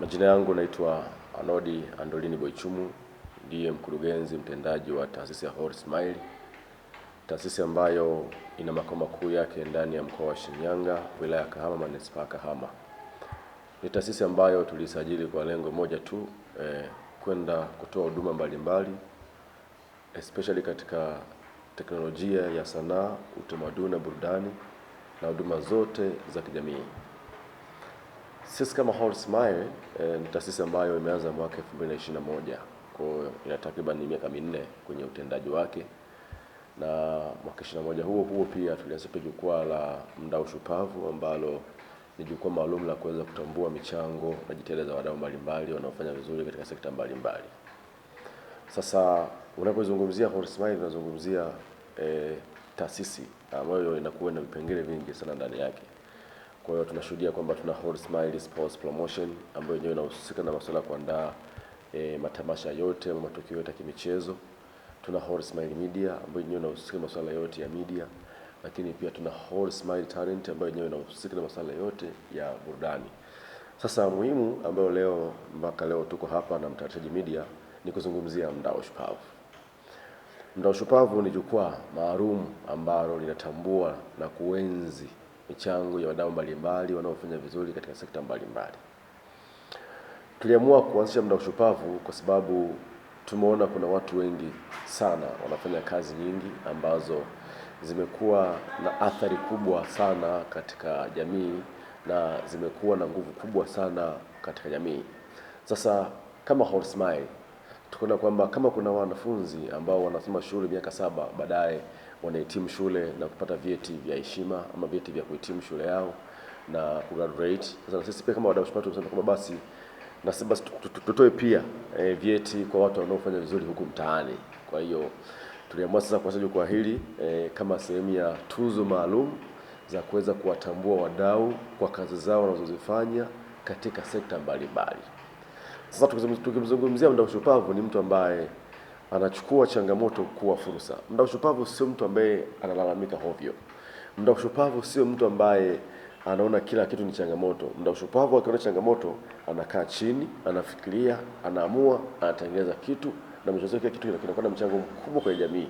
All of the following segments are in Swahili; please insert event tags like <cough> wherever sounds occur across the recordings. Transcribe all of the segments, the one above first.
Majina yangu naitwa Anodi Andolini Boichumu, ndiye mkurugenzi mtendaji wa taasisi ya Horse Smile, taasisi ambayo ina makao makuu yake ndani ya mkoa wa Shinyanga, wilaya ya Kahama, manispaa Kahama. Ni taasisi ambayo tulisajili kwa lengo moja tu eh, kwenda kutoa huduma mbalimbali especially katika teknolojia ya sanaa, utamaduni na burudani na huduma zote za kijamii. Sisi kama Hall Smile eh, ni taasisi ambayo imeanza mwaka 2021 kwa hiyo ina takriban miaka minne kwenye utendaji wake, na mwaka 21 huo huo pia tulianzisha jukwaa la mdau shupavu ambalo ni jukwaa maalum la kuweza kutambua michango na jitihada za wadau mbalimbali wanaofanya vizuri katika sekta mbalimbali. Sasa unapozungumzia Hall Smile unazungumzia eh, taasisi ambayo inakuwa na vipengele vingi sana ndani yake. Kwa hiyo tunashuhudia kwamba tuna Holy Smile Sports Promotion ambayo yenyewe inahusika na masuala ya kuandaa e, matamasha yote au matukio yote ya kimichezo. Tuna Holy Smile Media ambayo yenyewe inahusika na masuala yote ya media, lakini pia tuna Holy Smile Talent ambayo yenyewe inahusika na masuala yote ya burudani. Sasa muhimu ambayo leo mpaka leo tuko hapa na Mtaratibu Media ni kuzungumzia mdau shupavu. Mdau shupavu ni jukwaa maalum ambalo linatambua na kuenzi michango ya wadau mbalimbali wanaofanya vizuri katika sekta mbalimbali. Tuliamua kuanzisha mda ushupavu kwa sababu tumeona kuna watu wengi sana wanafanya kazi nyingi ambazo zimekuwa na athari kubwa sana katika jamii na zimekuwa na nguvu kubwa sana katika jamii. Sasa kama Holsmail tukaona kwamba kama kuna wanafunzi ambao wanasoma shule miaka saba baadaye wanahitimu shule na kupata vyeti vya heshima ama vyeti vya kuhitimu shule yao na kugraduate. Sasa na sisi pia kama wadau SMART tumesema kwamba basi na sisi basi tutoe pia e, vyeti kwa watu wanaofanya vizuri huku mtaani. Kwa hiyo tuliamua sasa kuanza jukwaa hili e, kama sehemu ya tuzo maalum za kuweza kuwatambua wadau kwa kazi zao wanazozifanya katika sekta mbalimbali. Sasa tukizungumzia mdau shupavu ni mtu ambaye anachukua changamoto kuwa fursa. Mda ushupavu sio mtu ambaye analalamika hovyo. Mda ushupavu sio mtu ambaye anaona kila kitu ni changamoto. Mda ushupavu akiona changamoto, anakaa chini, anafikiria, anaamua, anatengeneza kitu na mwisho wake kitu kinakuwa na mchango mkubwa kwa jamii.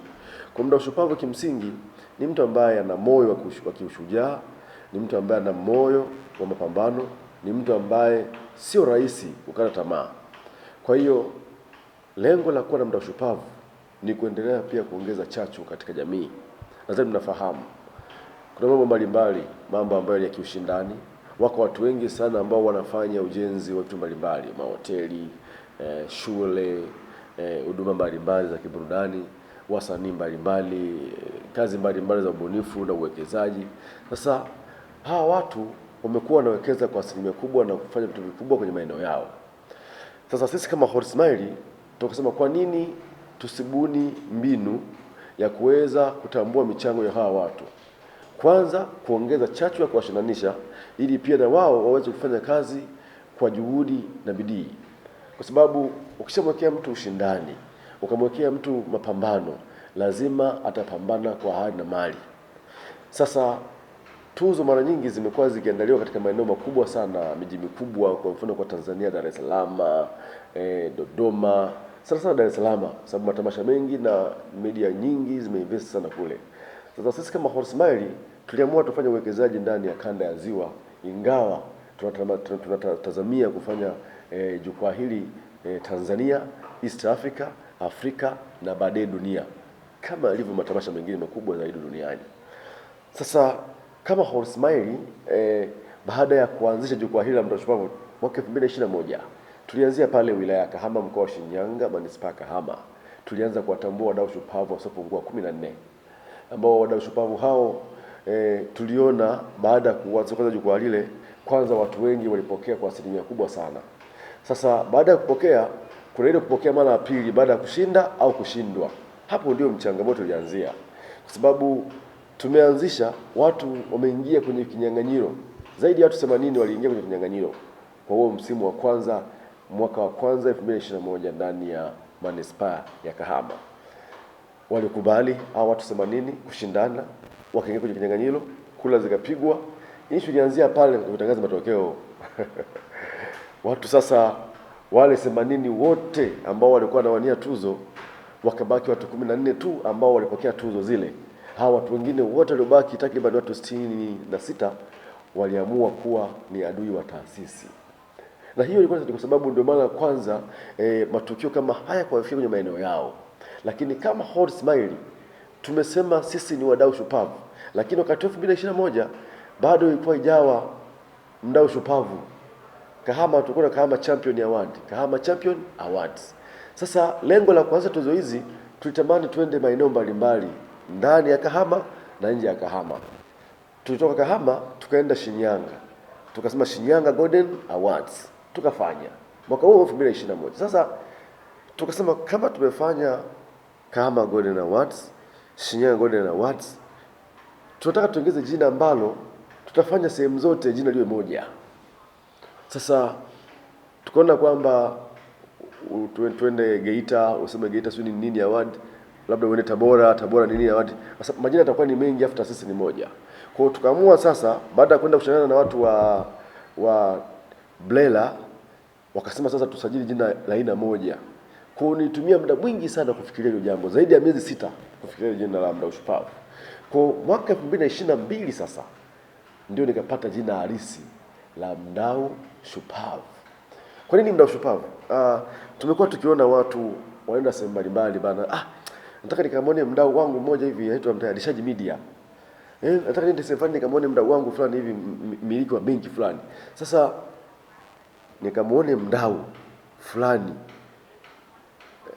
Kwa mda ushupavu kimsingi ni mtu ambaye ana moyo wa kiushujaa, ni mtu ambaye ana moyo wa mapambano, ni mtu ambaye sio rahisi ukata tamaa. Kwa hiyo Lengo la kuwa na muda shupavu ni kuendelea pia kuongeza chachu katika jamii. Nadhani mnafahamu kuna mambo mbalimbali, mambo ambayo ni ya kiushindani. Wako watu wengi sana ambao wanafanya ujenzi wa vitu mbalimbali, mahoteli, eh, shule, eh, huduma eh, mbalimbali za kiburudani, wasanii mbalimbali, eh, kazi mbalimbali za ubunifu na uwekezaji. Sasa hawa watu wamekuwa wanawekeza kwa asilimia kubwa na kufanya vitu vikubwa kwenye maeneo yao. Sasa sisi kama Holsmile tukasema kwa nini tusibuni mbinu ya kuweza kutambua michango ya hawa watu, kwanza kuongeza chachu ya kuwashindanisha ili pia na wao waweze kufanya kazi kwa juhudi na bidii, kwa sababu ukishamwekea mtu ushindani, ukamwekea mtu mapambano, lazima atapambana kwa hali na mali. Sasa tuzo mara nyingi zimekuwa zikiandaliwa katika maeneo makubwa sana, miji mikubwa, kwa mfano kwa Tanzania Dar es Salaam, eh, Dodoma sana sana Dar es Salaam, sababu matamasha mengi na media nyingi zimeinvest sana kule. Sasa sisi kama Horse Mile tuliamua tufanye uwekezaji ndani ya kanda ya Ziwa, ingawa tunatazamia kufanya e, jukwaa hili e, Tanzania, East Africa, Afrika na baadaye dunia kama ilivyo matamasha mengine makubwa zaidi duniani. Sasa kama Horse Mile e, baada ya kuanzisha jukwaa hili la Mto Shupavu mwaka 2021 Tulianzia pale wilaya ya Kahama, mkoa wa Shinyanga, manispaa Kahama. Tulianza kuwatambua wadau shupavu wasiopungua kumi na nne ambao wadau shupavu hao e, tuliona baada ya kuanza kwanza jukwaa lile, kwanza watu wengi walipokea kwa asilimia kubwa sana. Sasa baada ya kupokea, kuna ile kupokea mara ya pili baada ya kushinda au kushindwa. Hapo ndio mchangamoto ulianzia, kwa sababu tumeanzisha watu wameingia kwenye kinyang'anyiro, zaidi ya watu 80 waliingia kwenye kinyang'anyiro kwa huo msimu wa kwanza mwaka wa kwanza 2021 ndani ya manispaa ya Kahama. Walikubali hao watu 80 kushindana, wakaingia kwenye kinyang'anyiro, kula zikapigwa. Issue ilianzia pale kutangaza matokeo <laughs> watu sasa wale 80 wote ambao walikuwa wanawania tuzo wakabaki watu 14 tu ambao walipokea tuzo zile. Hawa watu wengine wote waliobaki takriban watu sitini na sita waliamua kuwa ni adui wa taasisi na hiyo ilikuwa ni kwa sababu ndio mara ya kwanza e, matukio kama haya kuwafikia kwenye maeneo yao. Lakini kama Hood Smile tumesema sisi ni wadau shupavu, lakini wakati elfu mbili ishirini na moja bado ilikuwa ijawa mdau shupavu. Kahama tulikuwa na Kahama Champion Award, Kahama Champion Awards. Sasa lengo la kuanza tuzo hizi tulitamani tuende maeneo mbalimbali ndani ya Kahama na nje ya Kahama. Tulitoka Kahama tukaenda Shinyanga, tukasema Shinyanga Golden Awards tukafanya mwaka huo 2021. Sasa tukasema kama tumefanya kama Golden Awards, Shinyanga Golden Awards, tunataka tuongeze jina ambalo tutafanya sehemu zote jina liwe moja. Sasa tukaona kwamba tuende Geita, useme Geita sio nini award, labda uende Tabora, Tabora nini award. Sasa majina yatakuwa ni mengi afu taasisi ni moja. Kwa hiyo tukaamua sasa, baada ya kwenda kushindana na watu wa wa Blela, wakasema sasa tusajili jina la aina moja. Kwa hiyo nilitumia muda mwingi sana kufikiria hilo jambo, zaidi ya miezi sita kufikiria jina la mda ushupavu. Kwa mwaka mbili sasa ndio nikapata jina halisi la mdau shupavu. Kwa nini mdau shupavu? Uh, ah, tumekuwa tukiona watu wanaenda sehemu mbalimbali bana, ah, nataka nikamwone mdau wangu mmoja hivi anaitwa mtayarishaji media eh, nataka niende sehemu fulani nikamwone mdau wangu fulani hivi, mmiliki wa benki fulani. Sasa nikamwone mdau fulani.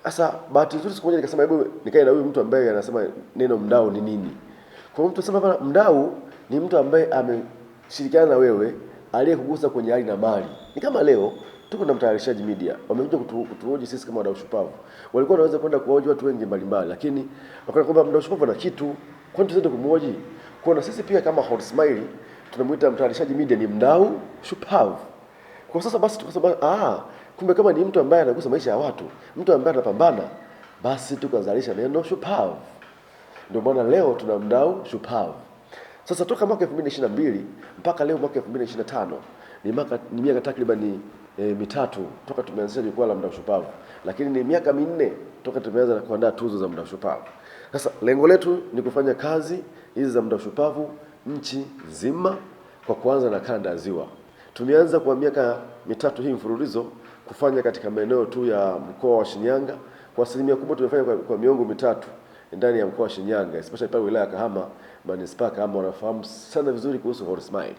Sasa bahati nzuri siku moja nikasema hebu nikae na huyu mtu ambaye anasema neno mdau ni nini. Kwa mtu anasema bana, mdau ni mtu ambaye ameshirikiana na wewe aliyekugusa kwenye hali na mali. Ni kama leo tuko na Mtayarishaji Media wamekuja kutu, kutuoji sisi kama wadau shupavu. Walikuwa wanaweza kwenda kuwaoji watu wengi mbalimbali, lakini wakaona kwamba mdau shupavu ana kitu, kwani tuende kumwoji? Kwa na sisi pia kama Hot Smile tunamuita Mtayarishaji Media ni mdau shupavu. Kwa sasa basi tukasema ah, kumbe kama ni mtu ambaye anagusa maisha ya watu, mtu ambaye anapambana, basi tukazalisha neno shupavu. Ndio maana leo tuna mdau shupavu. Sasa toka mwaka 2022 mpaka leo mwaka 2025 ni miaka ni miaka takriban e, mitatu toka tumeanzisha jukwaa la mdau shupavu, lakini ni miaka minne toka tumeanza kuandaa tuzo za mdau shupavu. Sasa lengo letu ni kufanya kazi hizi za mdau shupavu nchi nzima kwa kuanza na kanda ya Ziwa. Tumeanza kwa miaka mitatu hii mfululizo kufanya katika maeneo tu ya mkoa wa Shinyanga. Kwa asilimia kubwa tumefanya kwa, kwa miongo mitatu ndani ya mkoa wa Shinyanga, especially pale wilaya ya Kahama, manispaa Kahama wanafahamu sana vizuri kuhusu Horsemile.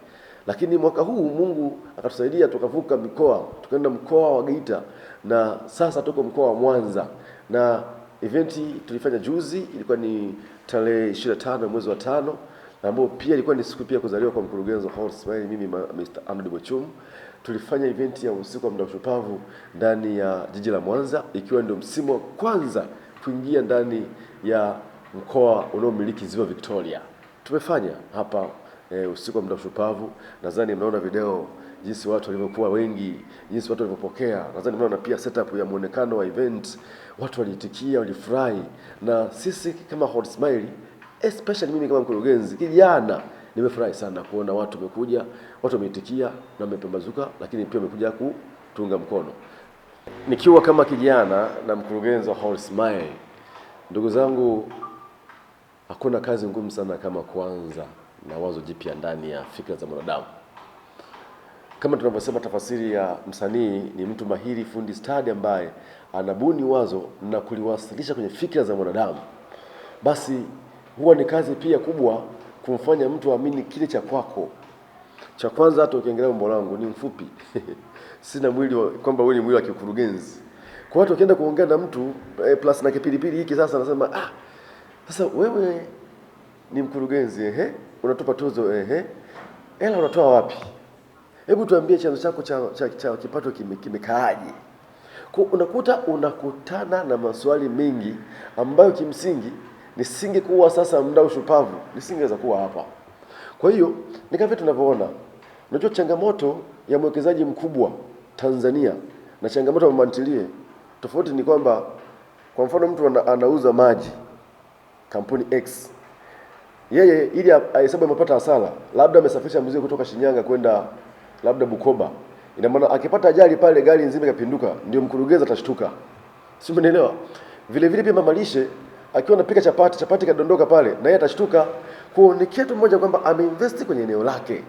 Lakini mwaka huu Mungu akatusaidia tukavuka mikoa, tukaenda mkoa wa Geita na sasa tuko mkoa wa Mwanza na eventi tulifanya juzi, ilikuwa ni tarehe 25 mwezi wa tano ambayo pia ilikuwa ni siku pia kuzaliwa kwa mkurugenzi wa Hall mimi Mr. Ahmed Bochum. Tulifanya event ya usiku wa muda ushupavu ndani ya jiji la Mwanza, ikiwa ndio msimu wa kwanza kuingia ndani ya mkoa unaomiliki ziwa Victoria. Tumefanya hapa e, usiku wa muda ushupavu. Nadhani mnaona video jinsi watu walivyokuwa wengi, jinsi watu walivyopokea. Nadhani mnaona pia setup ya muonekano wa event, watu waliitikia, walifurahi, na sisi kama Hall Ismail especially mimi kama mkurugenzi kijana nimefurahi sana kuona watu wamekuja, watu wameitikia na wamepambazuka, lakini pia wamekuja kutunga mkono. Nikiwa kama kijana na mkurugenzi wa Holy Smile, ndugu zangu, hakuna kazi ngumu sana kama kuanza na wazo jipya ndani ya fikra za mwanadamu. Kama tunavyosema, tafasiri ya msanii ni mtu mahiri, fundi stadi ambaye anabuni wazo na kuliwasilisha kwenye fikra za mwanadamu. Basi huwa ni kazi pia kubwa kumfanya mtu aamini kile cha kwako. Cha kwanza, hata ukiangalia umbo langu ni mfupi <laughs> sina mwili kwamba wewe ni mwili wa kikurugenzi. Kwa watu wakienda kuongea na mtu eh, plus na kipilipili hiki sasa, anasema ah, sasa wewe ni mkurugenzi ehe, unatupa tozo ehe, hela unatoa wapi? Hebu tuambie chanzo chako cha, cha, cha kipato kimekaaje? Kime unakuta unakutana na maswali mengi ambayo kimsingi nisingekuwa sasa mdau shupavu nisingeweza kuwa hapa. Kwa hiyo ni kama tunavyoona, unajua changamoto ya mwekezaji mkubwa Tanzania na changamoto ya mamantilie tofauti ni kwamba, kwa mfano mtu anauza maji kampuni X, yeye ili ahesabu amepata hasara, labda amesafirisha mzigo kutoka Shinyanga kwenda labda Bukoba, ina maana akipata ajali pale gari nzima ikapinduka, ndio mkurugenzi atashtuka, si umeelewa? Vile vile pia mamalishe akiwa anapika chapati, chapati kadondoka pale, na yeye atashtuka. Kwa ni kitu mmoja kwamba ameinvest kwenye eneo lake.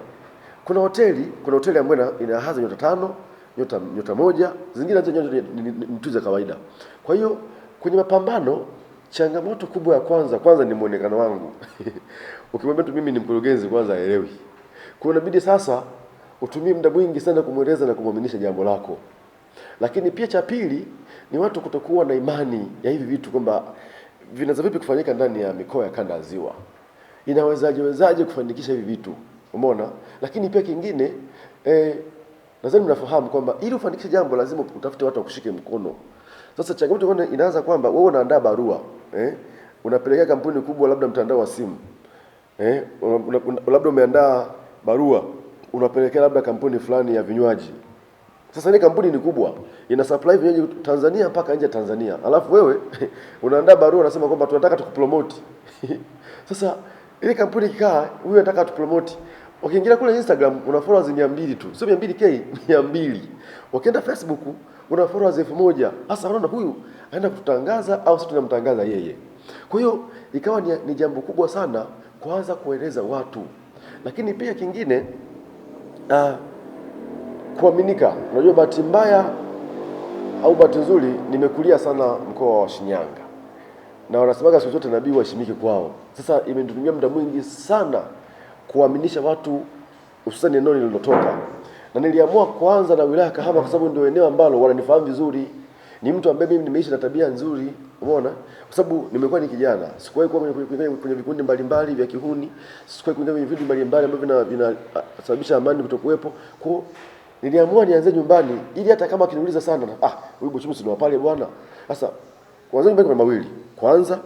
Kuna hoteli, kuna hoteli ambayo ina hadhi nyota tano, nyota nyota moja, zingine hizo nyota ni tu za kawaida. Kwa hiyo kwenye mapambano, changamoto kubwa ya kwanza kwanza ni muonekano wangu. <laughs> Ukimwambia tu mimi ni mkurugenzi, kwanza aelewi. Kwa inabidi sasa utumie muda mwingi sana kumweleza na kumwaminisha jambo lako. Lakini pia cha pili ni watu kutokuwa na imani ya hivi vitu kwamba vinaweza vipi kufanyika ndani ya mikoa ya kanda ya Ziwa, inawezaje wezaje kufanikisha hivi vitu, umeona. Lakini pia kingine eh, nadhani mnafahamu kwamba ili ufanikishe jambo lazima utafute watu wakushike mkono. Sasa changamoto inaanza kwamba wewe unaandaa barua eh, unapelekea kampuni kubwa, labda mtandao wa simu eh, labda umeandaa barua unapelekea labda kampuni fulani ya vinywaji sasa ni kampuni ni kubwa, ina supply vinywaji Tanzania mpaka nje ya Tanzania, alafu wewe <laughs> unaandaa barua unasema kwamba tunataka tukupromote. <laughs> Sasa ile kampuni ikikaa, huyu anataka tukupromote, Ukiingia kule Instagram una followers mbili tu, sio mbili k <laughs> mbili Ukienda Facebook una followers elfu moja Sasa unaona huyu anaenda kututangaza au sisi tunamtangaza yeye. Kwa hiyo ikawa ni, ni jambo kubwa sana kuanza kueleza watu, lakini pia kingine uh, Kuaminika, unajua bahati mbaya au bahati nzuri, nimekulia sana mkoa wa Shinyanga na wanasemaga siku zote nabii waheshimike kwao. Sasa imenitumia muda mwingi sana kuaminisha watu, hususan eneo nililotoka, na niliamua kwanza na wilaya Kahama kwa sababu ndio eneo ambalo wananifahamu vizuri. Ni mtu ambaye mimi nimeishi na tabia nzuri, umeona, kwa sababu nimekuwa ni kijana, sikuwahi kuwa kwenye vikundi mbalimbali vya kihuni, sikuwahi kuingia kwenye vitu mbalimbali ambavyo vinasababisha ah, amani kutokuwepo kwao niliamua nianze nyumbani ili hata kama akiniuliza sana, ah, huyu bochumu ndio pale bwana. Sasa kwanza nyumbani kuna mawili, kwanza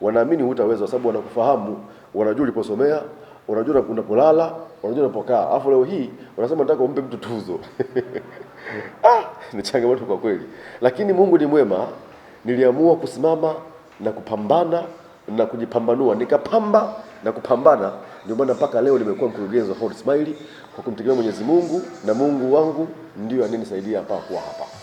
wanaamini hutaweza kwa sababu wanakufahamu, wanajua uliposomea, wanajua unapolala, wanajua unapokaa. Alafu leo hii wanasema nataka umpe mtu tuzo <laughs> ah, ni changamoto kwa kweli, lakini Mungu ni mwema. Niliamua kusimama na kupambana na kujipambanua, nikapamba na kupambana. Ndio maana mpaka leo nimekuwa mkurugenzi wa Ford Smile, kwa kumtegemea Mwenyezi Mungu na Mungu wangu ndiyo anayenisaidia hapa kuwa hapa.